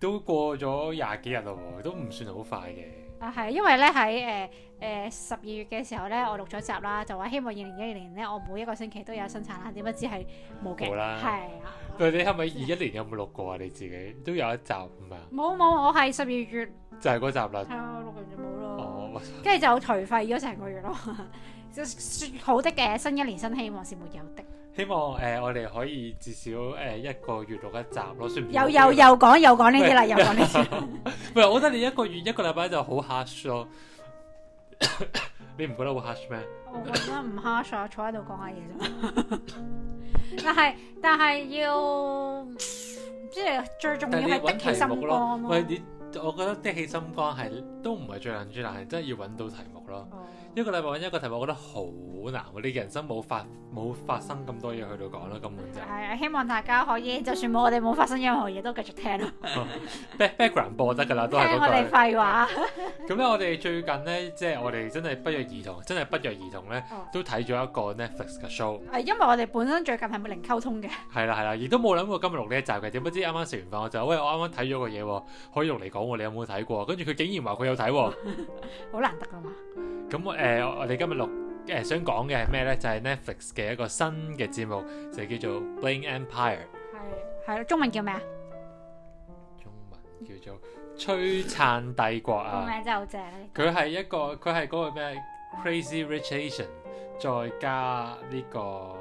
都過咗廿幾日啦喎，都唔算好快嘅。啊，係，因為咧喺誒誒十二月嘅時候咧，我錄咗集啦，就話希望二零一二年咧，我每一個星期都有生產啦。點不知係冇嘅？冇啦，係啊。嗱，你係咪二一年有冇錄過啊？你自己都有一集㗎嘛？冇冇，我係十二月就係嗰集啦。係啊、哦，錄 完就冇咯。跟住就頹廢咗成個月咯。就 好的嘅，新一年新希望是沒有的。希望誒、呃、我哋可以至少誒、呃、一個月錄一集咯，算唔又？又又又講又講呢啲啦，又講呢啲。唔係， 我覺得你一個月一個禮拜就好 hard 咯。你唔覺得好 hard 咩？我覺得唔 hard， 坐喺度講下嘢啫。 但係但係要，即係最重要係的起心肝。咯、嗯。喂，你 我覺得的起心肝係都唔係最難，但係真係要揾到題目咯。 一個禮拜揾一個題目，我覺得好難。你人生冇發冇發生咁多嘢去到講啦，根本就係啊、哎！希望大家可以，就算冇我哋冇發生任何嘢，都繼續聽。 oh, Background 播得噶啦，都係嗰個。聽我哋廢話。咁 咧、 嗯，我哋最近咧，即係我哋真係不約而同，真係不約而同咧，都睇咗一個 Netflix 嘅 show。因為我哋本身最近係冇零溝通嘅。係啦係啦，亦都冇諗過今日錄呢一集嘅，點不知啱啱食完飯我就，喂，我啱啱睇咗個嘢，可以用嚟講，你有冇睇過？跟住佢竟然話佢有睇，好 難得啊嘛！咁、呃、我我哋今日錄誒、呃、想講嘅係咩咧？就係、是、Netflix 嘅一個新嘅節目，就係、叫做《Bling Empire》，係係咯，中文叫咩啊？中文叫做《璀璨帝國》啊！個名真係好正。佢係一個佢係嗰個咩 Crazy Rich Asian 再加呢、呢個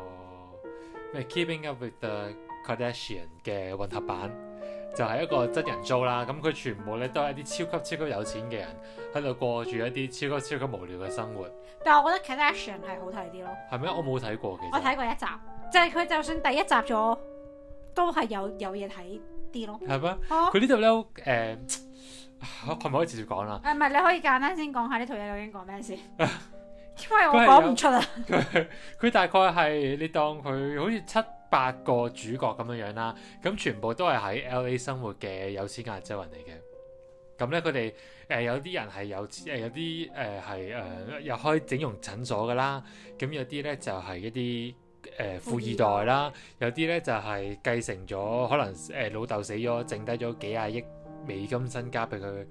咩 Keeping Up With The Kardashian 嘅混合版。就係一個真人 show 啦，咁佢全部咧都係一啲超級超級有錢嘅人，喺度過住一啲超級超級無聊嘅生活。但係我覺得 connection 係好睇啲咯。係咩？我冇睇過嘅。我睇過一集，就係、是、佢就算第一集咗，都係有有嘢睇啲咯。係咩嗎？佢、啊、呢度咧，誒、呃，可唔可以直接講啦？唔係、啊，你可以簡單先講下呢套嘢究竟講咩先？啊、因為我講唔出啊。佢大概係你當佢好似七。八個主角咁樣樣啦，咁全部都係喺 LA 生活嘅有錢亞洲人嚟嘅。咁咧佢哋誒有啲人係有錢誒、呃、有啲誒係誒又開整容診所噶啦，咁有啲咧就係、是、一啲誒、呃、富二代啦，代有啲咧就係、是、繼承咗可能誒老豆死咗，剩低咗幾廿億美金身家俾佢，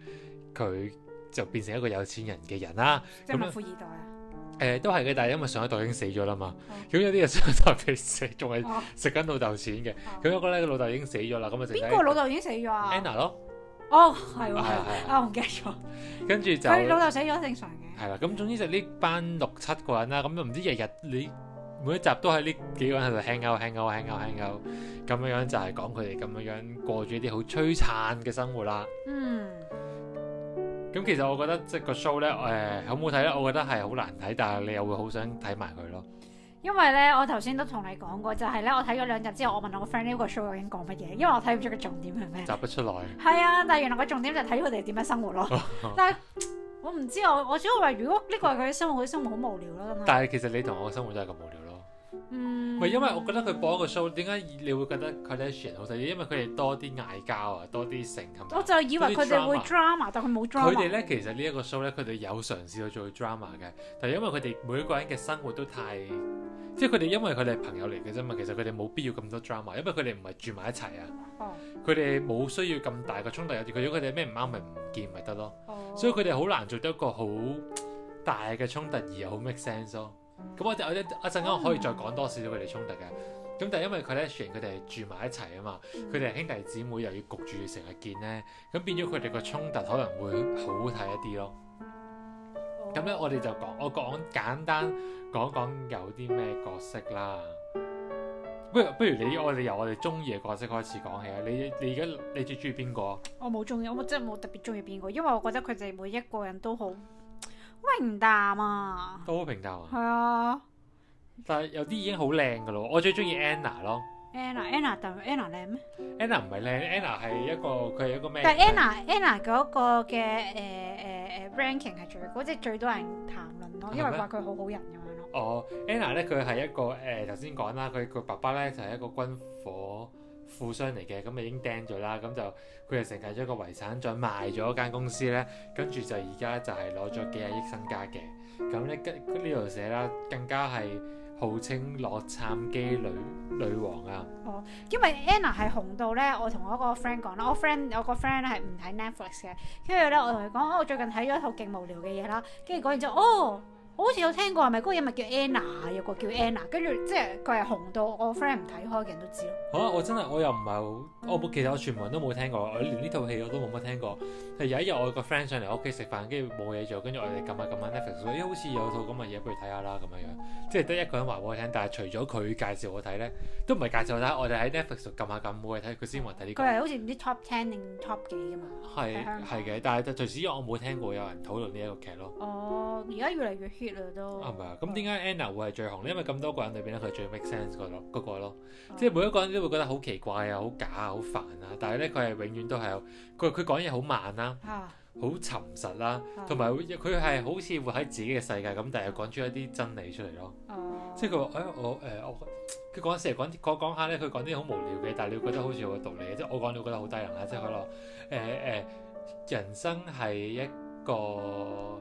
佢就變成一個有錢人嘅人啦。即係冇富二代啊！那誒，都係嘅，但係因為上一代已經死咗啦嘛，咁、啊、有啲人上一代食，仲係食緊老豆錢嘅，咁有、啊、個咧個老豆已經死咗啦，咁就邊個老豆已經死咗啊？Anna 咯，哦係，係，我唔記得咗，跟住就佢老豆死咗，正常嘅，係啦、啊，咁總之就呢班六七個人啦，咁唔知日日你每一集都喺呢幾個人喺度輕勾輕勾輕勾輕勾，咁樣、嗯、樣就係講佢哋咁樣樣過住一啲好璀璨嘅生活啦，嗯。咁其實我覺得即係個 show 咧，誒、呃，好唔好睇咧？我覺得係好難睇，但係你又會好想睇埋佢咯。因為咧，我頭先都同你講過，就係、是、咧，我睇咗兩日之後，我問我個 friend 呢個 show 究竟講乜嘢，因為我睇唔出個重點係咩。集不出來。係啊，但係原來個重點就睇佢哋點樣生活咯。 但係我唔知我，我主要話如果呢個係佢啲生活，佢啲 生活好無聊咯，真係。但係其實你同我嘅生活都係咁無聊。 唔係，嗯、因為我覺得佢播一個 show，點解你會覺得 collection 好睇？ 因為佢哋多啲嗌交啊，多啲性咁。我就以為佢哋會 drama，但佢冇 drama。佢哋咧其實呢一個 show 咧，佢哋有嘗試去做 drama 嘅，但係因為佢哋每一個人嘅生活都太，即係佢哋因為佢哋係朋友嚟嘅啫嘛，其實佢哋冇必要咁多 drama，因為佢哋唔係住埋一齊啊。佢哋冇需要咁大嘅衝突，有時，如果佢哋咩唔啱咪唔見咪得咯。哦、所以佢哋好難做到一個好大嘅衝突而好 make sense 咯。咁我哋我一陣間可以再講多少少佢哋衝突嘅，咁但係因為佢咧，雖然佢哋住埋一齊啊嘛，佢哋係兄弟姊妹，又要焗住成日見咧，咁變咗佢哋個衝突可能會好睇一啲咯。咁咧，哦，我哋就講，我講簡單講講有啲咩角色啦。不如不如你我哋由我哋中意嘅角色開始講起啊。你你而家你最中意邊個？我冇中意，我真係冇特別中意邊個，因為我覺得佢哋每一個人都好。淡啊、平淡啊，都好平淡啊。係啊，但係有啲已經好靚噶咯。我最中意 Anna 咯。Anna，Anna 但係 Anna 靚咩？Anna 唔係靚，Anna 係一個佢係一個咩？但 Anna，Anna 是嗰個嘅，誒誒誒 ranking 係最高，即係最多人談論咯，嗎因為話佢好好人咁樣咯。哦，Anna 咧佢係一個誒頭先講啦，佢、呃、佢爸爸咧就係一個軍火。富商嚟嘅咁，咪已經釘咗啦。咁就佢又承繼咗個遺產，再賣咗間公司咧，跟住就而家就係攞咗幾廿億身家嘅。咁咧，呢度寫啦，更加係號稱洛杉磯女女王啊。哦，因為 Anna 係紅到咧，我同我個 friend 講啦，我 friend 有個 friend 咧係唔睇 Netflix 嘅，Net 呢跟住咧我同佢講，我最近睇咗一套勁無聊嘅嘢啦，跟住講完之後，哦。我好似有聽過係咪嗰個人物叫 Anna，有個叫 Anna，跟住即係佢係紅到我 friend 唔睇開嘅人都知咯。嚇、啊！我真係我又唔係好，我、嗯哦、其實我全部人都冇聽過，連我連呢套戲我都冇乜聽過。有一日我個 friend 上嚟我屋企食飯，跟住冇嘢做，跟住我哋撳下撳下 Netflix，好似有套咁嘅嘢俾佢睇下啦咁樣樣，即係得一個人話俾我聽，但係除咗佢介紹我睇咧，都唔係介紹我睇，我哋喺 Netflix 撳下撳冇嘢睇，佢先話睇呢個。佢係好似唔知 top ten 定 top 幾㗎嘛？係係嘅，但係就除此之外我冇聽過有人討論呢一個劇咯。哦，而家越嚟越啊，唔係啊，咁點解 Anna 會係最紅咧？因為咁多個人裏邊咧，佢最 make sense 個咯，嗰個咯，即係每一個人都會覺得好奇怪、 嗯欸、啊、好假啊、好煩啊。但係咧，佢係永遠都係，佢佢講嘢好慢啦，好沉實啦，同埋佢係好似活喺自己嘅世界咁，但係又講出一啲真理出嚟咯。即係佢話誒，我誒，我佢講成日講講下咧，佢講啲好無聊嘅，但係你會覺得好似有個道理嘅， 即係我講你會覺得好低能啦。即係佢話誒誒，人生係一個。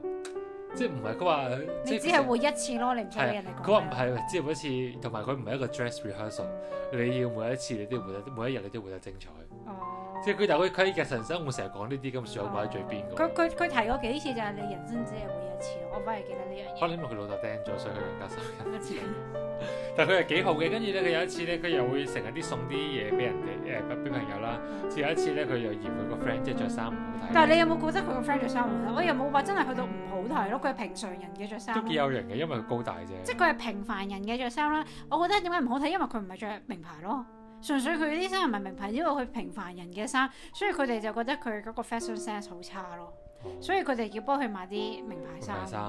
即係唔係佢話，你只係會一次咯，你唔同嘅人嚟、嗯。佢話唔係，即係每一次，同埋佢唔係一個 dress rehearsal。你要每一次，你都要每一每一日，你都要活得精彩。哦、即係佢就佢佢日常生活成日講呢啲咁嘅嘢，擺喺嘴邊。佢佢佢提過幾次就係、是、你人生只係會一次。我反而記得呢樣嘢。可能因為佢老豆釘咗，所以佢更加心急。 但佢係幾好嘅，跟住咧佢有一次咧，佢又會成日啲送啲嘢俾人哋誒俾朋友啦。似有一次咧，佢又嫌佢個 friend 即係著衫唔好睇。就是、但係你有冇覺得佢個 friend 着衫唔好睇？我又冇話真係去到唔好睇咯。 佢係平常人嘅,着衫都幾有型嘅，因為佢高大啫。即係佢係平凡人嘅着衫啦。我覺得點解唔好睇，因為佢唔係着名牌咯。純粹佢啲衫唔係名牌，因為佢平凡人嘅衫，所以佢哋就覺得佢嗰個 fashion sense 好差咯。哦、所以佢哋要幫佢買啲名牌衫。衫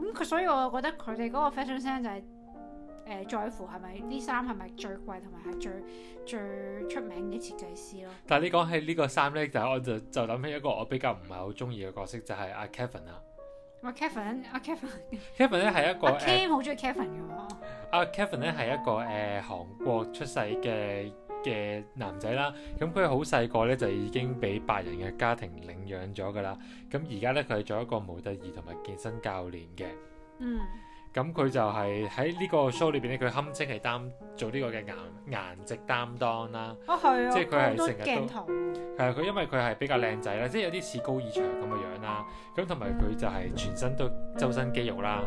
咁佢，所以我覺得佢哋嗰個 fashion sense 就係、是、誒、呃，在乎係咪啲衫係咪最貴，同埋係最最出名嘅設計師咯。但係你講起個呢個衫咧，就我就就諗起一個我比較唔係好中意嘅角色，就係、是、阿、啊、Kevin 啦。Kevin，阿、ah, Kevin，Kevin 咧係一個，Kim 好中意 Kevin 噶嘛？阿、uh, Kevin 咧係一個誒、uh, 韓國出世嘅嘅男仔啦，咁佢好細個咧就已經俾白人嘅家庭領養咗噶啦，咁而家咧佢做一個模特兒同埋健身教練嘅。嗯。咁佢就係喺呢個 show 裏邊咧，佢堪稱係擔做呢個嘅顏顏值擔當啦。哦，係啊，即係佢係成日都係佢、啊，因為佢係比較靚仔啦，即係有啲似高爾長咁嘅樣啦。咁同埋佢就係全身都周身肌肉啦。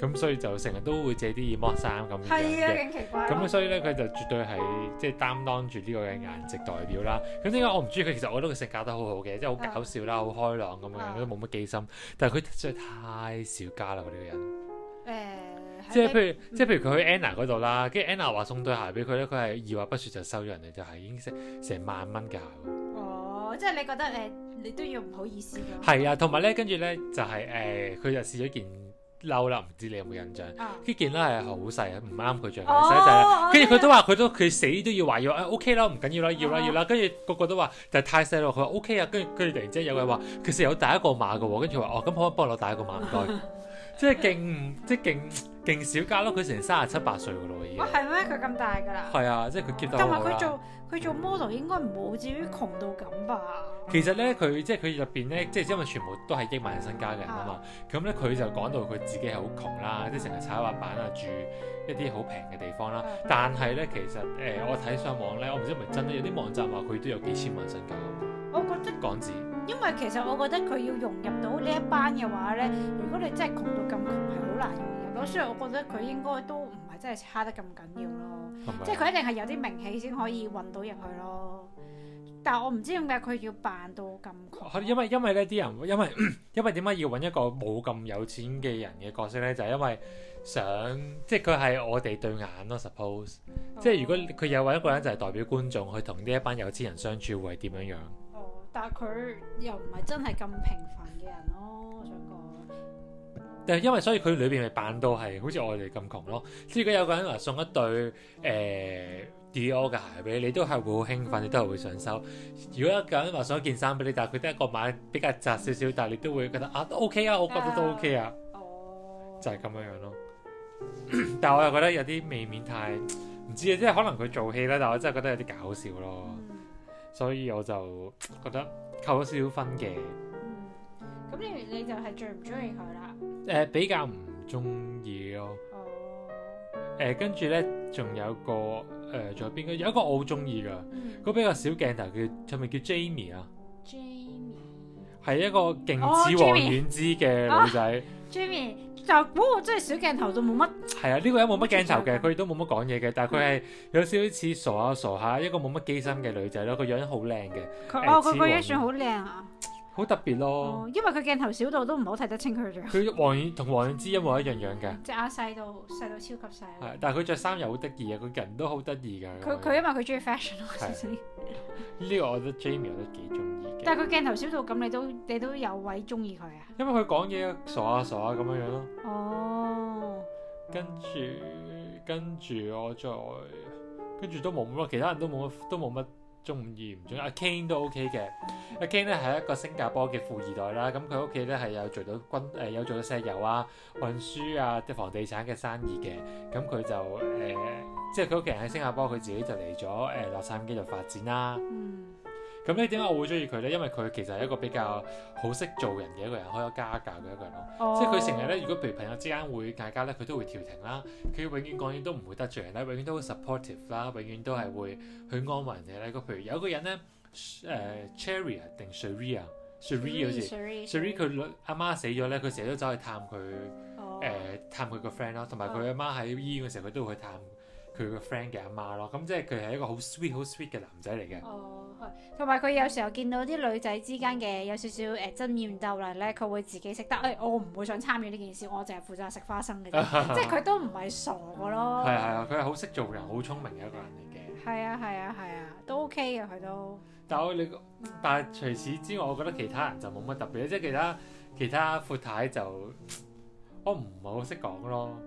咁、嗯嗯、所以就成日都會借啲耳膜衫咁樣嘅。係啊，勁奇怪、啊。咁所以咧，佢就絕對係即係擔當住呢個嘅顏值代表啦。咁點解我唔中意佢？其實我覺得佢性格都好好嘅，即係好搞笑啦，好、啊、開朗咁、啊、樣，都冇乜機心。但係佢實在太少家啦，佢、這、呢個人。誒，嗯、即係譬如，即係、嗯、譬如佢去 Anna 嗰度啦，跟住 Anna 話送對鞋俾佢咧，佢係二話不說就收咗人哋對鞋、是，已經成成萬蚊嘅喎。哦，即係你覺得誒、呃，你都要唔好意思㗎。係啊，同埋咧，跟住咧就係、是、誒，佢、呃、就試咗件褸啦，唔知你有冇印象？件褸係好細啊，唔啱佢着。跟住佢都話，佢都佢死都要話要 OK 啦，唔緊要啦，要啦要啦。跟住個個都話，就係太細咯。佢話 OK 啊，跟住佢突然之間有個人話，嗯、其實有大一個碼嘅喎，跟住話哦，咁可唔可以幫我攞大一個碼唔該？ 即係勁，即係勁勁少家咯，佢成三十七八歲噶咯，已經、啊。哇，係咩？佢咁大噶啦。係啊，即係佢 keep 得。同埋佢做佢做 model 應該唔會至於窮到咁吧？嗯、其實咧，佢即係佢入邊咧，即係因為全部都係億萬人身家嘅人啊嘛。咁咧、嗯，佢就講到佢自己係好窮啦，即係成日踩滑板啊，住一啲好平嘅地方啦。但係咧，其實誒、呃，我睇上網咧，我唔知係咪真咧，有啲網站話佢都有幾千萬身家。我覺得港紙。因為其實我覺得佢要融入到呢一班嘅話咧，如果你真係窮到咁窮入入，係好難融入咯。所以我覺得佢應該都唔係真係差得咁緊要咯，是是即係佢一定係有啲名氣先可以運到入去咯。但我唔知點解佢要扮到咁窮。係因為因為呢啲人，因為因為點解要搵一個冇咁有錢嘅人嘅角色咧，就係、是、因為想即係佢係我哋對眼咯。Suppose、嗯、即係如果佢有搵一個人，就係代表觀眾去同呢一班有錢人相處，會係點樣樣？但佢又唔係真係咁平凡嘅人咯，我想講。但係因為所以佢裏邊係扮到係好似我哋咁窮咯。即如果有個人話送一對誒 Dior 嘅鞋俾你，你都係會好興奮，你都係會想收。嗯、如果一個人話送一件衫俾你，但係佢得一個碼比較窄少少，但係你都會覺得啊都 OK 啊，我覺得都 OK 啊。啊哦、就係咁樣樣咯。但係我又覺得有啲未免太唔知啊，即係可能佢做戲啦，但我真係覺得有啲搞笑咯。所以我就覺得扣咗少少分嘅。嗯，咁你你就係最唔中意佢啦。誒，比較唔中意咯。哦。誒，跟住咧，仲有個誒，仲有邊個？有一個我好中意噶，個比較小鏡頭叫係咪叫 Jamie 啊？Jamie。係一個勁似王菀之嘅女仔。Jamie。就嗰個真係小鏡頭都冇乜，係啊，呢個人冇乜鏡頭嘅，佢都冇乜講嘢嘅，但係佢係有少少似傻下傻下，一個冇乜機心嘅女仔咯，佢樣好靚嘅，哦她，佢個樣算好靚啊。她 緣好特別咯，哦、因為佢鏡頭小到都唔好睇得清佢嘅，佢黃遠同黃遠之一模一樣樣嘅？隻眼細到細到超級細。係，但係佢着衫又好得意啊，佢人都好他得意㗎。佢佢因為佢中意 fashion 咯對。係。呢個我覺得 Jamie 都得幾中意嘅。但係佢鏡頭小到咁，你都你都有位中意佢啊？因為佢講嘢傻下傻下咁樣樣咯。哦。跟住跟住我再跟住都冇乜，其他人都冇乜都冇乜。中意唔中意？阿 Ken 都 OK 嘅，阿 Ken 咧係一個新加坡嘅富二代啦。咁佢屋企咧係有做到軍誒、呃，有做到石油啊、運輸啊、啲房地產嘅生意嘅。咁佢就誒、呃，即係佢屋企人喺新加坡，佢自己就嚟咗誒洛杉磯度發展啦。咁咧，點解我會中意佢咧？因為佢其實係一個比較好識做人嘅一個人，好有家教嘅一個人咯。Oh. 即係佢成日咧，如果譬如朋友之間會嗌交咧，佢都會調停啦。佢永遠講嘢都唔會得罪人啦，永遠都 supportive 啦，永遠都係會去安慰人哋咧。譬如有一個人咧，誒 Cherry 定 Shiria，Shiria 好似 Shiria 佢阿媽死咗咧，佢成日都走去探佢誒、oh. 呃、探佢個 friend 咯，同埋佢阿媽喺醫院嘅時候，佢都會去探佢個 friend 嘅阿媽咯。咁即係佢係一個好 sweet 好 sweet 嘅男仔嚟嘅。Oh. 同埋佢有時候見到啲女仔之間嘅有少少誒爭妍鬥麗啦，咧佢會自己識得，誒、哎、我唔會想參與呢件事，我淨係負責食花生嘅，啫。 即係佢都唔係傻咯。係係， 啊，佢係好識做人、好聰明嘅一個人嚟嘅。係啊係啊係啊，都 OK 嘅佢都。但係我你，但係除此之外，我覺得其他人就冇乜特別 即係其他其他闊太，太就我唔係好識講咯。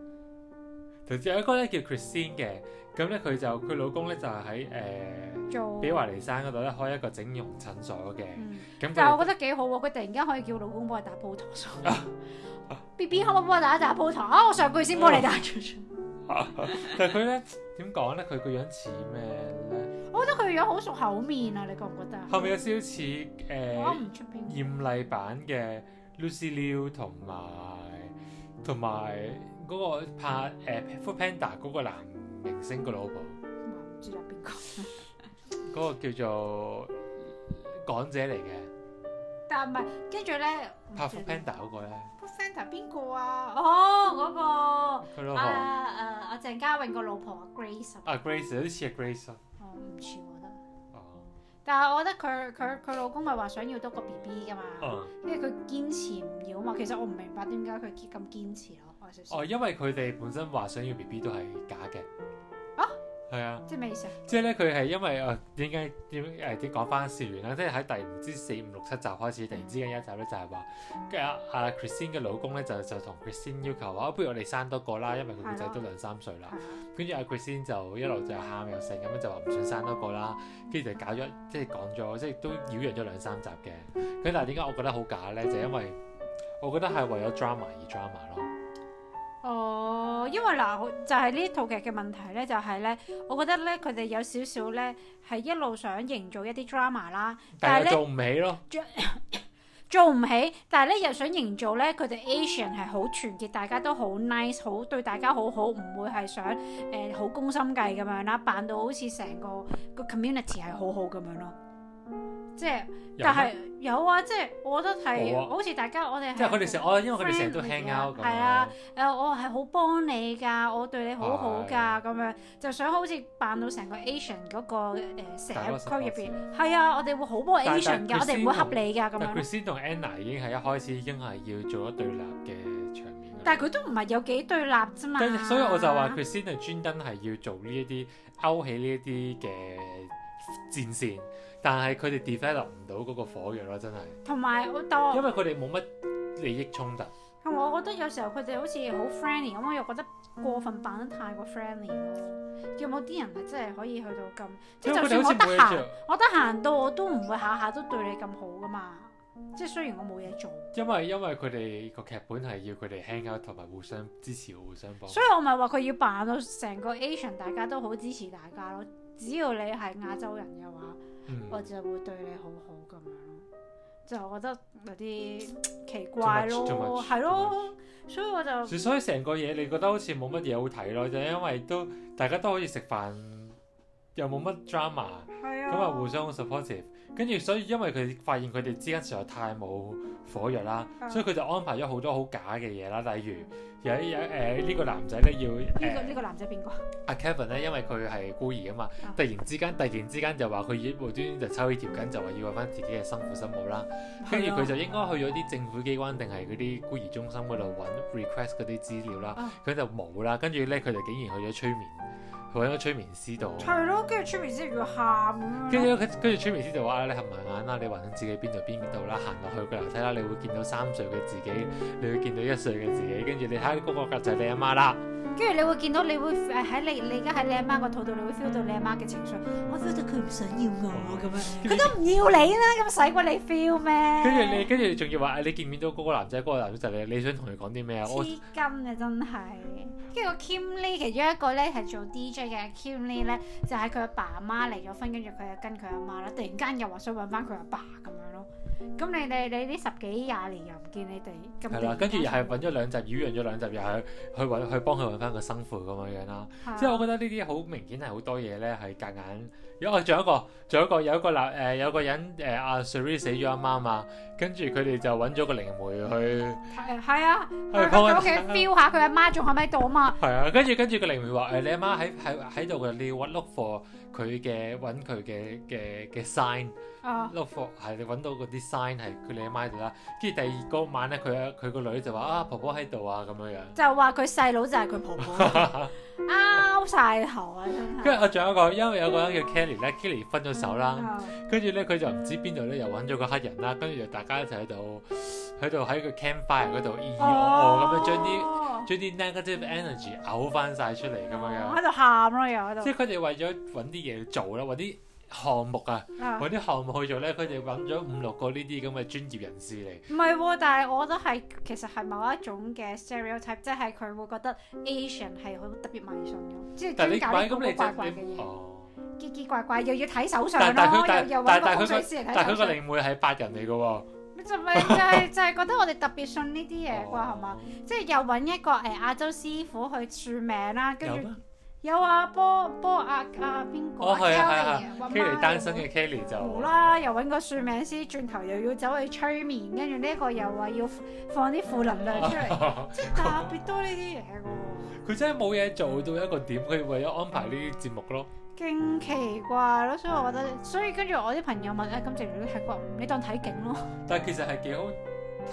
有一個咧叫 Christine 嘅，咁咧佢就佢老公咧就喺誒，喺比華利山嗰度咧開一個整容診所嘅。咁，但係我覺得幾好喎！佢突然間可以叫老公幫佢打玻尿酸，B B 可唔可以幫我打一打玻尿？我上輩先幫你打咗。佢咧點講咧？佢個樣似咩咧？我覺得佢個樣好熟口面啊！你覺唔覺得？後面有少少似誒，演繹版嘅 Lucy Liu 同埋同埋。嗰個拍誒《Foodpanda》嗰個男明星個老婆，唔、啊、知啦邊個？嗰 個叫做港姐嚟嘅，但唔係跟住咧。呢拍，拍《Foodpanda》嗰個咧，《Foodpanda》邊個啊？哦，嗰、那個佢老婆，誒阿鄭嘉穎個老婆啊 Grace 啊，Grace 有啲似阿 Grace 啊，唔似、哦、我覺得。哦，但係我覺得佢佢佢老公咪話想要多個 B B 噶嘛？嗯、因為佢堅持唔要啊嘛。其實我唔明白點解佢咁堅持咯。哦，因為佢哋本身話想要 B B 都係假嘅啊，係啊，即係咩意思啊？即係咧，佢係因為誒點解點誒？點講翻事完啦，即係喺第唔知四五六七集開始，突然之間一集咧就係話跟住阿 Christine 嘅老公咧就就同 Christine 要求話不如我哋生多個啦，因為佢個仔都兩三歲啦。跟住阿 Christine 就一路就喊又剩咁樣就話唔想生多個啦。跟住就搞咗即係講咗，即係都擾攘咗兩三集嘅。咁但係點解我覺得好假咧？就因為我覺得係為咗 drama 而 drama 咯。哦，uh, 因為嗱，就係、是、呢套劇嘅問題咧，就係、是、咧，我覺得咧，佢哋有少少咧，係一路想營造一啲 drama 啦，但係咧做唔起咯，做唔起，但係咧又想營造咧，佢哋 Asian 係好團結，大家都好 nice，好對大家好好，唔會係想誒好、呃、攻心計咁樣啦，扮到好似成個個 community 係好好咁樣咯。即係，但係有啊！即係我覺得係，好似大家我哋即係佢哋成，我因為佢哋成日都 hang out。係啊，誒我係好幫你噶，我對你好好噶，咁樣就想好似扮到成個 Asian 嗰個誒社區入邊。係啊，我哋會好幫 Asian 噶，我哋唔會恰你噶咁樣。但係 Kristine 同 Anna 已經係一開始已經係要做咗對立嘅場面。但係佢都唔係有幾對立啫嘛。所以我就話 Kristine 專登係要做呢一啲勾起呢一啲嘅戰線。但係佢哋 develop 唔到嗰個火藥咯，真係。同埋我，因為佢哋冇乜利益衝突。同我覺得有時候佢哋好似好 friendly 咁，我又覺得過分扮得太過 friendly 咯。有冇啲人係真係可以去到咁？即係就算我得閒，我得閒到我都唔會下下都對你咁好噶嘛。即係雖然我冇嘢做因。因為因為佢哋個劇本係要佢哋 hang out 同埋互相支持，互相幫。所以我咪話佢要扮到成個 Asian，大家都好支持大家咯。只要你係亞洲人嘅話。 我就會對你好好咁樣咯，就我覺得有啲奇怪咯，係咯，so，所以我就所以成個嘢你覺得好似冇乜嘢好睇咯，就因為都大家都可以食飯，又冇乜 drama，咁啊互相好 supportive。跟住所以，因為佢發現佢哋之間實在太冇火藥啦，嗯、所以佢就安排咗好多好假嘅嘢啦。例如有有誒呢、呃這個男仔咧要呢、這個呢、這個男仔邊個？阿、啊、Kevin 咧，因為佢係孤兒嘛啊嘛，突然之間突然之間、嗯、就話佢無端端就抽起條筋，就話要揾翻自己嘅生父生母啦。跟住佢就應該去咗啲政府機關定係嗰啲孤兒中心嗰度揾 request 嗰啲資料啦。佢、啊、就冇啦。跟住咧，佢就竟然去咗催眠。佢喺個催眠師度，係咯，跟住催眠師要喊，跟住跟住催眠師就話啦：你合埋眼啦，你幻想自己邊度邊度啦，行落去個樓梯啦，你會見到三歲嘅自己，你會見到一歲嘅自己，跟住你睇嗰個就係你阿媽啦。跟住你會見到你會喺你你而家喺你阿媽個肚度，你，在在你，媽媽你會 feel 到你阿媽嘅情緒。我 feel 到佢唔想要我咁樣，佢、嗯、都唔要你啦，咁使鬼你 feel 咩？跟住你跟住仲要話，你見唔見到嗰個男仔嗰、那個男仔就你你想同佢講啲咩啊？黐筋啊，真係跟住個 Kim Lee 其中一個咧係做 DJ 嘅 Kim Lee 咧，就係佢阿爸阿媽離咗婚，跟住佢又跟佢阿媽啦。突然間又話想搵返佢阿爸咁樣咯。咁你哋你呢十幾廿年又唔見你哋，咁係啦，跟住又係揾咗兩集，擾攘咗兩集，又去去去幫佢揾翻個生父咁樣樣啦。的即係我覺得呢啲好明顯係好多嘢咧，係夾硬。有啊，仲有一個，仲有一個，有一個男，誒有個人，誒阿 Cherie 死咗阿媽嘛，跟住佢哋就揾咗個靈媒去，係啊，去幫佢屋企 feel 下佢阿媽仲喺唔喺度啊嘛，係啊，跟住跟住個靈媒話誒你阿媽喺喺喺度嘅，你揾 look for 佢嘅揾佢嘅嘅嘅 sign，look for 係揾到嗰啲 sign 係佢你阿媽喺度啦，跟住第二嗰晚咧佢阿佢個女就話啊婆婆喺度啊咁樣樣，就話佢細佬就係佢婆婆，out 曬頭啊真係，跟住我仲有一個，因為有個人叫 Kelly。咧，Kelly 分咗手啦，跟住咧佢就唔知邊度咧，又揾咗個黑人啦，跟住就大家一齊喺度，喺度喺個 campfire 嗰度依依我我咁樣將啲將啲 negative energy 嘔翻曬出嚟咁樣樣，喺度喊咯，又喺度。即係佢哋為咗揾啲嘢做啦，揾啲項目啊，揾啲項目去做咧，佢哋揾咗五六個呢啲咁嘅專業人士嚟。唔係喎，但係我覺得係其實係某一種嘅 stereotype，即係佢會覺得 Asian 係好特別迷信嘅，即係只搞啲古怪古怪嘅嘢。奇奇怪怪又要睇手相咯，又又搵個風水師嚟睇手相，但係佢個靈媒係白人嚟噶喎。就咪就係就係覺得我哋特別信呢啲嘢啩，係嘛？即係又搵一個誒亞洲師傅去算命啦，跟住有啊波波阿阿邊個 Kelly，Kelly 單身嘅 Kelly 就無啦，又搵個算命師，轉頭又要走去催眠，跟住呢個又話要放啲負能量出嚟，即係特別多呢啲嘢噶。佢真係冇嘢做到一個點，佢為咗安排呢啲節目咯。勁奇怪咯，所以我覺得，所以跟住我啲朋友問咧，金城武都睇過，你當睇景咯。但係其實係幾好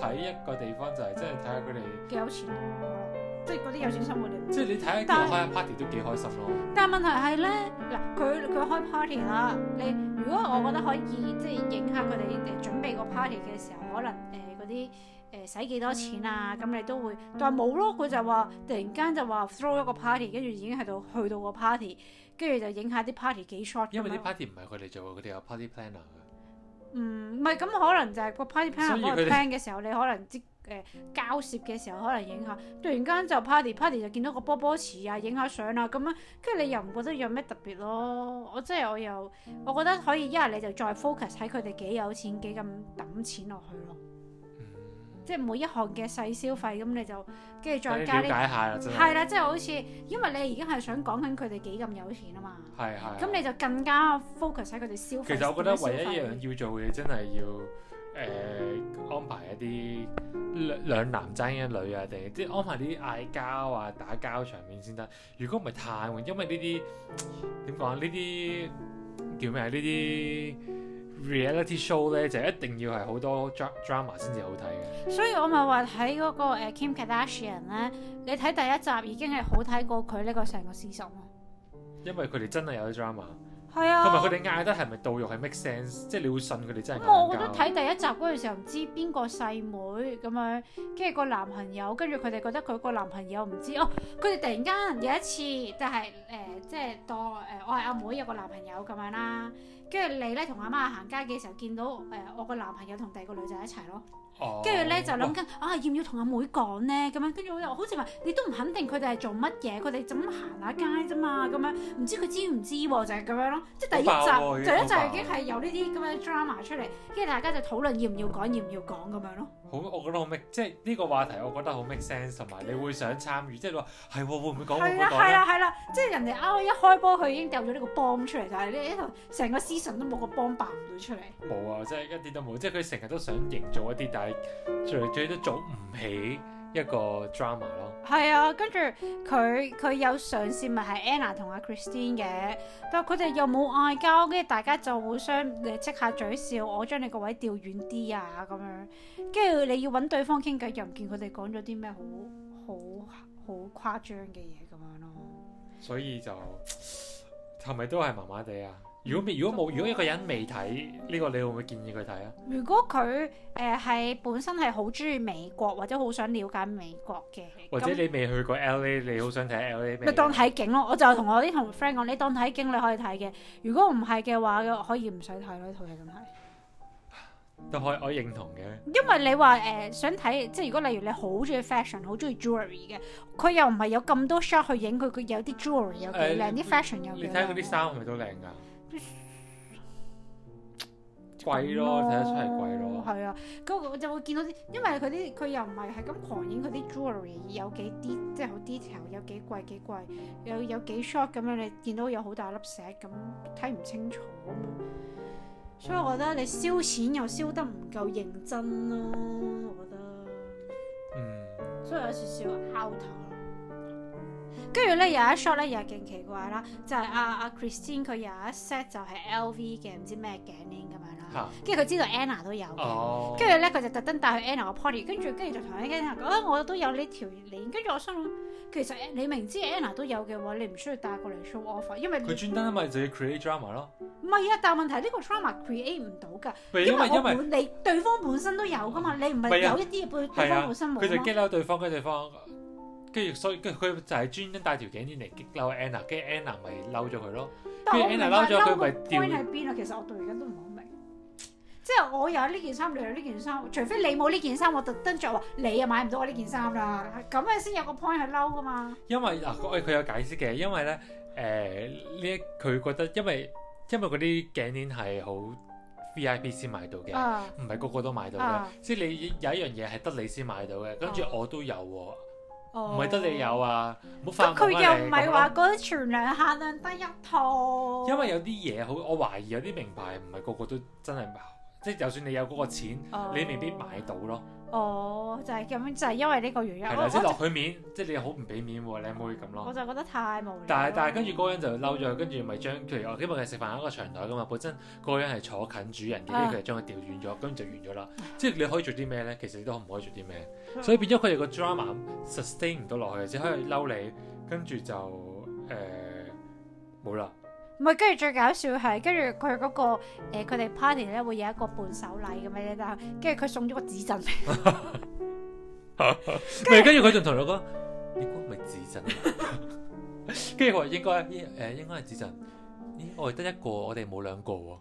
睇一個地方，就係真係睇下佢哋幾有錢，即係嗰啲有錢生活咧、嗯。即係你睇下佢開,開,開 party 都幾開心咯。但係問題係咧，嗱佢佢開 party 啊，你如果我覺得可以，即係影下佢哋誒準備個 party 嘅時候，可能誒嗰啲誒使幾多錢啊，咁你都會，但係冇咯，佢就話突然間就話 throw 一個 party，跟住已經喺度去到個 party。跟住就影下啲 party 幾 shot。因為啲 party 唔係佢哋做，佢哋有 party planner。嗯，唔係咁可能就係個 party planner plan 嘅、er plan er、時候， 你可能啲誒、呃、交涉嘅時候可能影下，突然間就 party party 就見到個波波池啊，影下相啊咁樣。跟住你又唔覺得有咩特別咯？我真、就、係、是、我又，我覺得可以一係你就再 focus 喺佢哋幾有錢，幾咁揼錢落去咯。即係每一項嘅細消費，咁你就跟住再加啲，係啦，真係嗯、即係好似，因為你而家係想講緊佢哋幾咁有錢啊嘛，係係，咁你就更加 focus 喺佢哋消費。其實我覺得唯一一樣要做嘅嘢，真係要誒、呃、安排一啲兩兩男爭一女啊，哋即係安排啲嗌交啊、打交場面先得。如果唔係太，因為呢啲點講呢啲叫咩啊？呢啲。Reality show 咧就、一定要係好多 drama 先至好睇嘅，所以我咪話睇嗰個、啊、Kim Kardashian 咧，你睇第一集已經係好睇過佢呢個成個思想咯。因為佢哋真係有啲 drama，係啊，同埋佢哋嗌得係咪度肉係 make sense，即係你會信佢哋真係、啊嗯。我覺得睇第一集嗰陣時候唔知邊個細妹咁樣，跟住個男朋友，跟住佢哋覺得佢個男朋友唔知哦，佢哋突然間有一次就係、是、誒，即係當誒我係阿妹有個男朋友咁樣啦、啊。跟住你咧，同阿媽行街嘅時候，見到誒、呃、我個男朋友同第二個女仔一齊咯。跟住咧就諗緊哇啊，要唔要同阿妹講咧咁樣？跟住我又好似話，你都唔肯定佢哋係做乜嘢，佢哋就咁行下街啫嘛咁樣，唔知佢知唔知喎？就係、是、咁樣咯。即係第一集，啊、1 第一集，啊、集已經係有呢啲咁嘅 drama 出嚟，跟住大家就討論要唔要講，要唔要講咁樣咯。好，我覺得好 make，即係呢個話題，我覺得好 make sense，同埋你會想參與，即係話係會唔會講、啊、會唔會講？係啦係啦係啦，即係人哋啊，啊，啊，啊一開波佢已經掉咗呢個 bomb 出嚟，但係呢一頭成個，個 season 都冇個 bomb 爆到出嚟。冇啊，即係一啲都冇，即係佢成日都想營造一啲，最最都做唔起一個 drama 咯，係啊，跟住佢佢有嘗試咪係 Anna 同阿 Christine 嘅，但佢哋又冇嗌交，跟住大家就互相你即下嘴笑，我將你個位調遠啲啊咁樣，跟住你要搵對方傾偈，又唔見佢哋講咗啲咩好好好誇張嘅嘢咁樣咯，所以就係咪都係麻麻地啊？如果如果冇如果一個人未睇呢個，你會唔會建議佢睇啊？如果佢誒係本身係好中意美國或者好想了解美國嘅，或者你未去過 LA，你好想睇 LA，咪當睇景咯。我就同我啲同 friend 講：你當睇景你可以睇嘅。如果唔係嘅話，可以唔使睇咯。呢套嘢咁睇都可以，我認同嘅，因為你話誒想睇，即係如果例如你好中意 fashion，好中意 jewelry 嘅，佢又唔係有咁多 shot 去影佢，佢有啲 jewelry 又幾靚，啲 fashion 又你睇佢啲衫係咪都靚噶？貴咯，睇得出係貴咯。係、嗯、啊，咁我就會見到啲，因為佢啲佢又唔係係咁狂演佢啲 jewelry 有幾啲，即係好 detail 有幾貴幾貴，有有幾 short 咁樣，你見到有好大粒石咁睇唔清楚啊嘛。所以我覺得你燒錢又燒得唔夠認真咯，我覺得。嗯。所以有少少 out。跟住咧，有一 shot 咧，又係勁奇怪啦，就係阿阿 Christine 佢有一 set 就係 LV 嘅唔知咩頸鏈咁樣啦。跟住佢知道、啊、道 Anna 都有嘅，跟住咧佢就特登帶去 Anna 個 party，跟住跟住就同阿 Anna 講，我都有呢條鏈。跟住我心諗，其實你明知 Anna 都有嘅喎，你唔需要帶過嚟 show off，因為佢專登咪自己 create drama 咯。唔係啊，但問題呢、呢個 drama create 唔到㗎，因為因為你為對方本身都有㗎嘛，你唔係有一啲嘢對方本身冇咩？佢、啊、就激嬲對，對，對方，嘅對方。跟住所以佢佢就係專登帶條頸鏈嚟激嬲 Anna，跟住 Anna 咪嬲咗佢咯。但係 Anna 嬲咗佢咪掉，point 喺邊啊？其實我到而家都唔係好明。即係我有呢件衫，你有呢件衫，除非你冇呢件衫，我特登著話你又買唔到我呢件衫啦。咁啊先有個 point 去嬲噶嘛。因為嗱，佢佢有解釋嘅，因為咧誒呢一佢覺得，因為因為嗰啲頸鏈係好 VIP 先買到嘅，唔係個個都買到嘅。即係你有一樣嘢係得你先買到嘅，跟住我都有喎。唔係得你有啊，唔好發夢。佢又唔係話嗰啲全量限量得一套，因為有啲嘢好，我懷疑有啲名牌唔係個個都真係名即就算你有嗰個錢，oh, 你未必買到咯。哦，oh, 就係咁樣，就係、是、因為呢個原因。係啦是，即落佢面，即係你好唔俾面喎，靚妹咁咯。我就覺得太無聊但。但係但係跟住嗰個人就嬲咗，佢、嗯，跟住咪將佢哦，因為佢食飯一個長台噶嘛，本身嗰個人係坐近主人，嘅、啊，佢佢將佢調遠咗，咁就完咗啦。啊、即係你可以做啲咩咧？其實你都唔可以做啲咩？ 所以變咗佢哋個 drama sustain 唔到落去，只可以嬲你，跟住就誒冇啦。呃唔係，跟住最搞笑係，跟住佢嗰個誒，佢哋 party 咧會有一個伴手禮咁樣啫，但係跟住佢送咗個紙巾 后。唔係，跟住佢仲同老公，你估咪紙巾？跟 住我話應該，誒、呃、應該係紙巾。咦，我哋得一個，我哋冇兩個喎。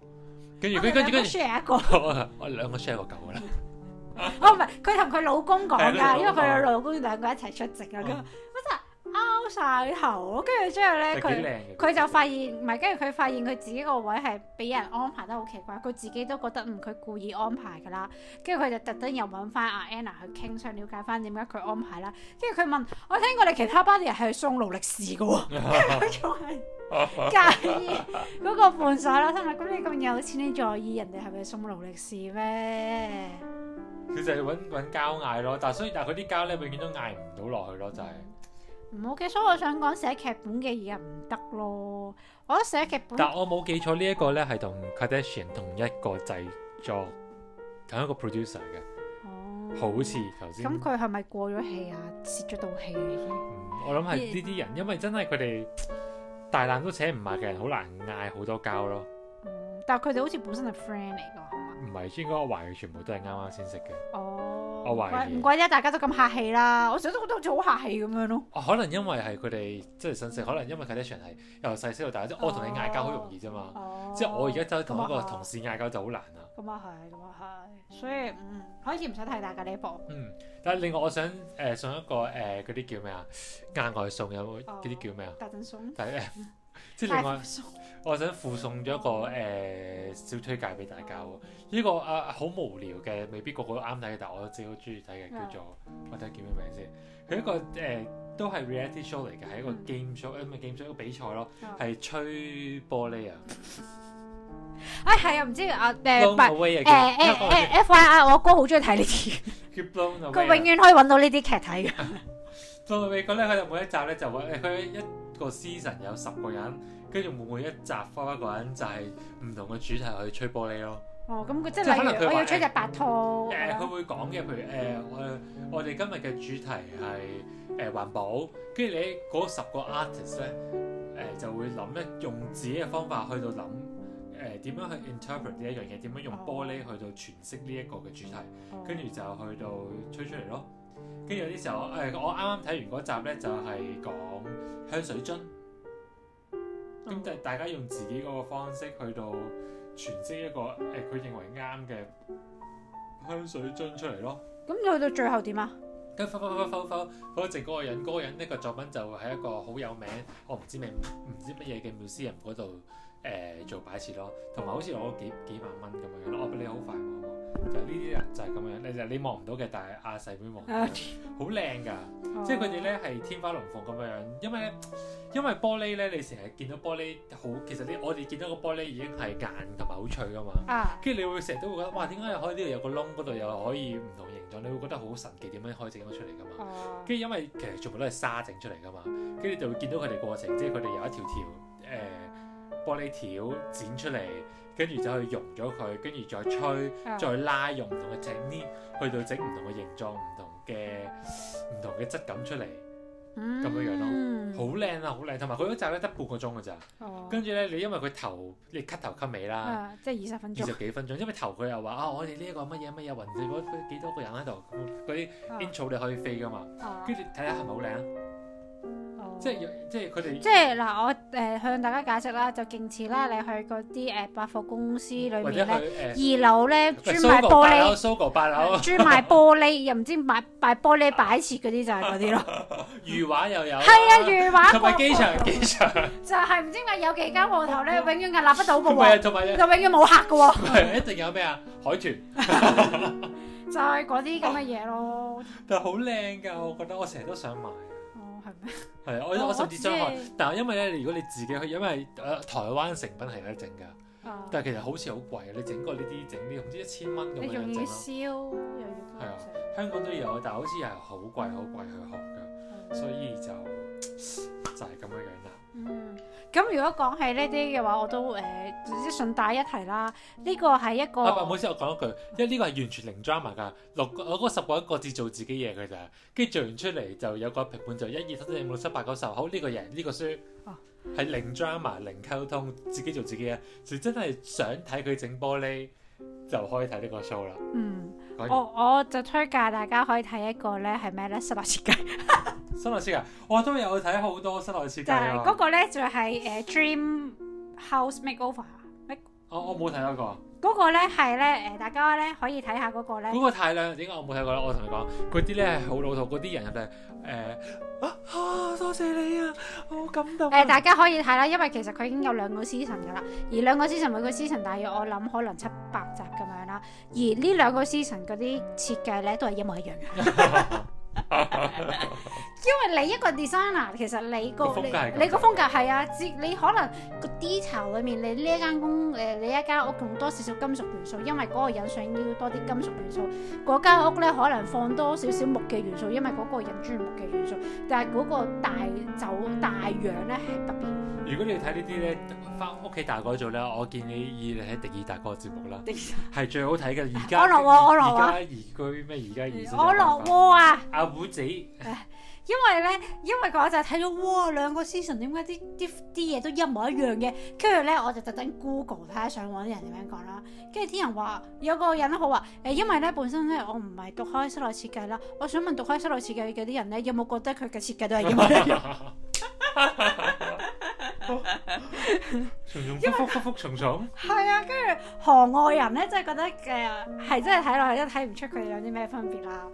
跟住佢跟住跟住 share 一個， 我兩個 share 個舊噶啦。我唔係，佢同佢老公講噶， 因為佢哋老公兩個一齊出席啊，咁乜柒？ 拗晒佢頭，跟住之後咧，佢佢就發現，唔係，跟住佢發現佢自己個位係俾人安排得好奇怪，佢自己都覺得唔，佢故意安排噶啦。跟住佢就特登又揾翻阿 Anna 去傾，想了解翻點解佢安排啦。跟住佢問我聽過你其他班人係去送勞力士噶喎，跟住佢話介意嗰個伴手禮，咁你咁有錢，你在意人哋係咪送勞力士咩？佢就係揾揾交嗌咯，但係所以但係佢啲交咧永遠都嗌唔到落去咯，就係。唔好嘅，所以我想講寫劇本嘅嘢又唔得咯。我覺得寫劇本，但我冇記錯呢一個咧係同 Kardashian 同一個製作同一個 producer 嘅。哦，好似頭先。咁佢係咪過咗氣啊？蝕咗道氣？我諗係呢啲人，因為真係佢哋大難都請唔埋嘅人，好難嗌好多交咯。嗯，但係佢哋好似本身係 friend 嚟噶，係嘛？唔係，應該我懷疑全部都係啱啱先識嘅。哦。唔怪得大家都咁客氣啦，我想都覺得好似好客氣咁樣咯、啊。可能因為係佢哋即係信息。可能因為佢哋長係由細識到大，即我同你嗌交好容易啫嘛。嗯、即係我而家就同一個同事嗌交就好難啦、啊。咁啊係，咁啊係，所以嗯可以唔使太大噶呢一步。嗯，但係另外我想誒、呃、送一個誒嗰啲叫咩啊？額、呃嗯嗯、外、呃、送有嗰啲叫咩啊？額贈送。呃 即係另外，我想附送咗一個誒小推介俾大家喎。呢個啊好無聊嘅，未必個個都啱睇嘅，但係我都自己好中意睇嘅，叫做我睇下叫咩名先。佢一個誒都係 reality show 嚟嘅，係一個 game show 唔係 game show 一個比賽咯，係吹玻璃啊。哎係啊，唔知啊 F Y I，我哥好中意睇呢啲，佢永遠可以搵到呢啲劇睇嘅。到美國咧，佢就每一集咧就會佢一。個 season 有十個人，跟住會唔會每一集分一個人，就係唔同嘅主題去吹玻璃咯。哦，咁佢即係可能佢要吹隻白兔。誒、呃，佢、呃、會講嘅，譬如誒、呃嗯呃，我、呃、我哋今日嘅主題係誒環保，跟住你嗰十個 artist 咧，誒、呃、就會諗咧用自己嘅方法去到諗誒點樣去 interpret 呢一樣嘢，點樣用玻璃去到詮釋呢一個嘅主題，跟住就去到吹出嚟咯。跟住有啲時候，我我啱啱睇完嗰集咧，就係、是、講香水樽。咁就、嗯、大家用自己嗰個方式去到詮釋一個誒佢、呃、認為啱嘅香水樽出嚟咯。咁去、嗯、到最後點啊？跟翻翻翻翻翻翻，直嗰個人嗰人呢個作品就係一個好有名，我唔知咩唔知乜嘢嘅 museum 嗰度。誒、呃、做擺設咯，同埋好似攞幾幾萬蚊咁樣樣，我俾你好快。就呢、是、啲人就係咁樣你就你望唔到嘅，但係阿細妹望到，好靚噶，嗯、即係佢哋咧係天花龍鳳咁樣樣。因為咧，因為玻璃咧，你成日見到玻璃好，其實啲我哋見到個玻璃已經係硬同埋好脆噶嘛。跟住、嗯、你會成日都會覺得，哇！點解可以呢度有個窿，嗰度又可以唔同形狀？你會覺得好神奇，點樣可以整到出嚟噶嘛？跟住、嗯、因為其實全部都係沙整出嚟噶嘛，跟住就會見到佢哋過程，即係佢哋有一條條誒。呃玻璃條剪出嚟，跟住就去溶咗佢，跟住再吹、再拉，用唔同嘅 technique，去到整唔同嘅形狀、唔同嘅唔同嘅質感出嚟，咁、嗯、樣樣咯，好靚啊，好靚！同埋佢一集咧得半個鐘嘅咋，跟住咧你因為佢頭你 cut 頭 cut 尾啦，啊、即係二十分鐘，二十幾分鐘，因為頭佢又話啊，我哋呢一個乜嘢乜嘢雲，幾多個人喺度，嗰啲 intro 你可以飛噶嘛，跟住你睇下係咪好靚啊！即係即係佢哋，即係嗱，我誒向大家解釋啦，就勁似啦，你去嗰啲誒百貨公司裏面咧，二樓咧專賣玻璃，Sogo 八樓，專賣玻璃又唔知賣賣玻璃擺設嗰啲就係嗰啲咯，魚畫又有，係啊，魚畫同埋機場機場，就係唔知點解有幾間鋪頭咧，永遠屹立不倒嘅喎，就永遠冇客嘅喎，一定有咩啊海豚，就係嗰啲咁嘅嘢咯，但係好靚噶，我覺得我成日都想買。係啊，我、哦、我甚至想學，知但係因為咧，如果你自己去，因為誒台灣成品係有得整㗎，啊、但係其實好似好貴啊！你整過呢啲整啲，唔知一千蚊咁樣整，咯。燒、係啊吧？香港都有，但係好似又係好貴好貴去學㗎，嗯、所以就就係、是、咁樣樣啦。嗯，咁如果講起呢啲嘅話，我都誒、呃、一順帶一提啦。呢個係一個，唔好意思，我講一句，因為呢個係完全零 drama 噶，六個我嗰十個人各自做自己嘢噶咋，跟住做完出嚟就有個評判就，就一二三四五六七八九十，好呢、呢個贏呢、呢個輸，係零 drama，零溝通，自己做自己嘅，就真係想睇佢整玻璃就可以睇呢個 show 啦。嗯。我，我就推介大家可以睇一個咧，係咩咧？室內設計 室內設計，我都有睇好多室內設計咯。嗰、 就係嗰個咧就係、係、誒、uh, Dream House Makeover Make。哦，我冇睇嗰個。嗰個咧係咧，誒大家咧可以睇下嗰個咧。嗰個太靚，點解我冇睇過咧？我同你講，嗰啲咧好老土，嗰啲人入嚟，誒、呃、啊！多、啊、謝你啊，好感動、啊。誒、呃、大家可以睇啦，因為其實佢已經有兩個 season 噶啦，而兩個 season 每個 season 大約我諗可能七八集咁樣啦，而呢兩個 season 嗰啲設計咧都係一模一樣嘅。 因為你一個 designer，其實你個你個風格係啊，你可能個 detail 裏面，你呢間工誒你一間屋用、嗯、多少少金屬元素，因為嗰個人想要多啲金屬元素；嗰間屋咧可能放多少少木嘅元素，因為嗰個人中意木嘅元素。但係嗰個大酒大樣咧係特別。如果你睇呢啲咧，翻屋企大改造咧，我建議以你喺第二大個節目啦，係二最好睇嘅。而家 我我而家宜居咩？而家而家可樂我啊！ 阿虎姆仔。 因為咧，因為我就係睇到，哇兩個 season 點解啲啲嘢都一模一樣嘅？跟住咧，我就特登 Google 睇下上網啲人點樣講啦。跟住啲人話有個人咧，佢話誒，因為咧本身咧我唔係讀開室內設計啦，我想問讀開室內設計嘅啲人咧，有冇覺得佢嘅設計都係一模一樣 重重複複複重重，係啊，跟住行外人咧，真係覺得誒，係、呃、真係睇落去一睇唔出佢哋有啲咩分別啦。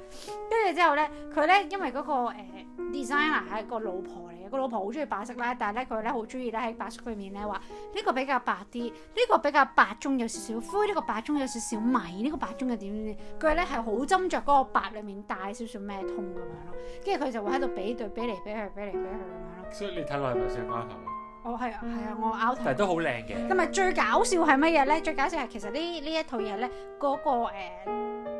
跟住之後咧，佢咧因為嗰、嗰個誒 designer 係一個老婆嚟嘅，個老婆好中意白色啦，但係咧佢咧好中意咧喺白色裏面咧話呢個比較白啲，呢、呢個比較白中有少少灰，呢、呢個白中有少少米，呢、呢個白中有點點點。佢咧係好斟酌嗰個白裏面帶少少咩通咁樣咯。跟住佢就會喺度比對比嚟比去，比嚟比去咁樣咯。所以你睇落係咪成班頭哦，係啊，係啊，嗯、我咬糖。但係都好靚嘅。咁咪最搞笑係乜嘢咧？最搞笑係其實呢呢一套嘢咧，嗰、嗰個、呃、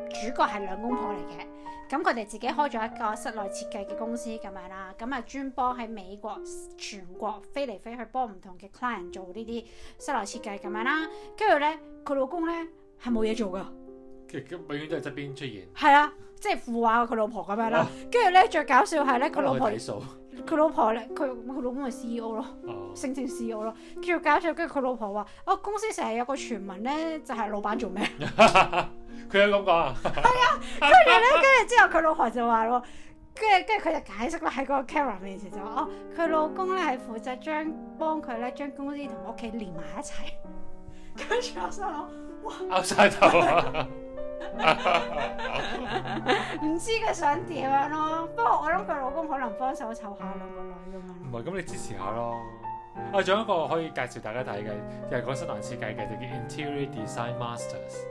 主角係兩公婆嚟嘅。咁佢哋自己開咗一個室內設計嘅公司咁樣啦、啊。咁啊專幫喺美國全國飛嚟飛去幫唔同嘅 client 做呢啲室內設計咁樣啦、啊。跟住咧佢老公咧係冇嘢做㗎。其實永遠都係側邊出現。係啊，即係附話佢老婆咁樣啦、啊。跟住咧最搞笑係咧佢老婆、啊。佢老婆咧，佢佢老公係 C E O 咯，升成 C E O 咯，跟住搞笑，跟住佢老婆話，哦公司成日有個傳聞咧，就係、是、老闆做咩？佢係咁講啊！係啊，跟住咧，跟住之後佢老婆就話喎，跟住跟住佢就解釋啦，喺個 camera 面前就話，哦佢老公咧係負責將幫佢咧將公司同屋企連埋一齊。跟 住我心諗，哇！out 晒頭 唔 知佢想點樣咯，不過我諗佢老公可能幫手湊下兩個女咁樣。唔係，咁你支持下咯。我仲有一個可以介紹大家睇嘅，又係講室內設計嘅，就叫 Interior Design Masters，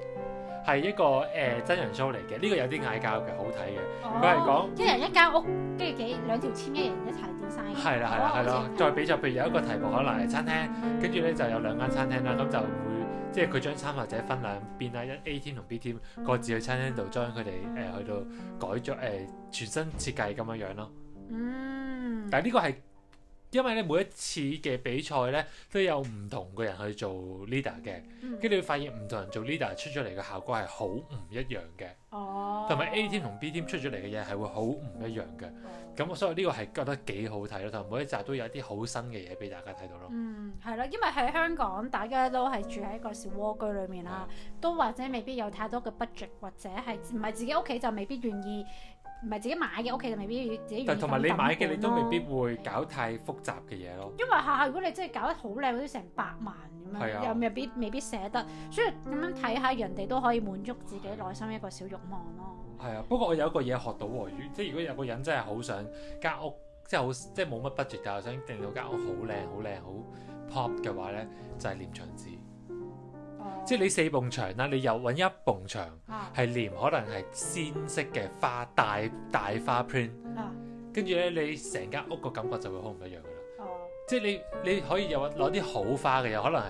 係一個誒、呃、真人 show 嚟嘅。呢、這個有啲嗌交嘅，好睇嘅。佢係講一人一間屋，跟住幾兩條簽，一人一齊 design。係啦係、啊、啦係咯。再比就譬如有一個題目可能係餐廳，跟住咧就有兩間餐廳啦，咁就。嗯即係佢將參賽者分兩邊啦，一 A team 同 B team 各自去餐廳度將佢哋誒去到改咗誒、呃、全新設計咁樣樣咯。嗯，但係呢個係因為咧每一次嘅比賽咧都有唔同嘅人去做 leader 嘅，跟住你會發現唔同人做 leader 出咗嚟嘅效果係好唔一樣嘅。哦，同埋 A team 同 B team 出咗嚟嘅嘢係會好唔一樣嘅，咁我所以呢個係覺得幾好睇咯，同埋每一集都有一啲好新嘅嘢俾大家睇到咯。嗯，係啦，因為喺香港大家都係住喺一個小窩居裏面啦，嗯、都或者未必有太多嘅 budget，或者係唔係自己屋企就未必願意。唔係自己買嘅屋企就未必自己原創得咁咯。但同埋你買嘅你都未必會搞太複雜嘅嘢咯。因為下下，如果你真係搞得好靚，嗰啲成百萬咁樣，係啊，又未必未必捨得。所以咁樣睇下，人哋都可以滿足自己內心一個小慾望咯。係啊，不過我有一個嘢學到喎，即係如果有個人真係好想間屋，即係好即係冇乜 budget，但係想令到間屋好靚好靚好 pop 嘅話咧，就係、是、黏牆紙。即係你四埲牆啦，你又搵一埲牆係黏，可能係鮮色嘅花大大花 print，跟住咧你成間屋個感覺就會好唔一樣噶啦。哦，即係你你可以又攞啲好花嘅，有可能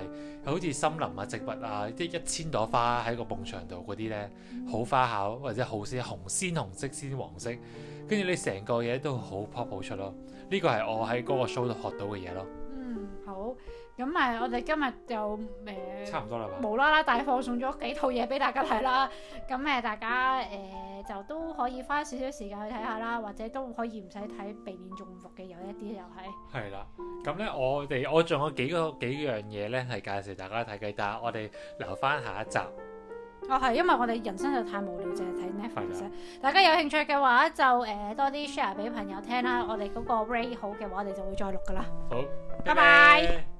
係好似森林啊植物啊，即一千朵花喺個埲牆度嗰啲咧，好花巧或者好鮮紅鮮紅色鮮黃色，跟住你成個嘢都好 pop 好出咯。呢個係我喺嗰個 show 度學到嘅嘢咯。嗯，好。咁誒，我哋今日就誒差唔多啦，冇啦啦大放送咗幾套嘢俾大家睇啦。咁誒，大家誒就都可以花少少時間去睇下啦，或者都可以唔使睇，避免中伏嘅有一啲又係係啦。咁咧，我哋我仲有幾個幾樣嘢咧，係介紹大家睇嘅，但係我哋留返下一集。哦，係，因為我哋人生就太無聊，淨係睇 Netflix。大家有興趣嘅話，就誒多啲 share 俾朋友聽啦。我哋嗰個 rate 好嘅話，我哋就會再錄㗎喇。好，拜拜。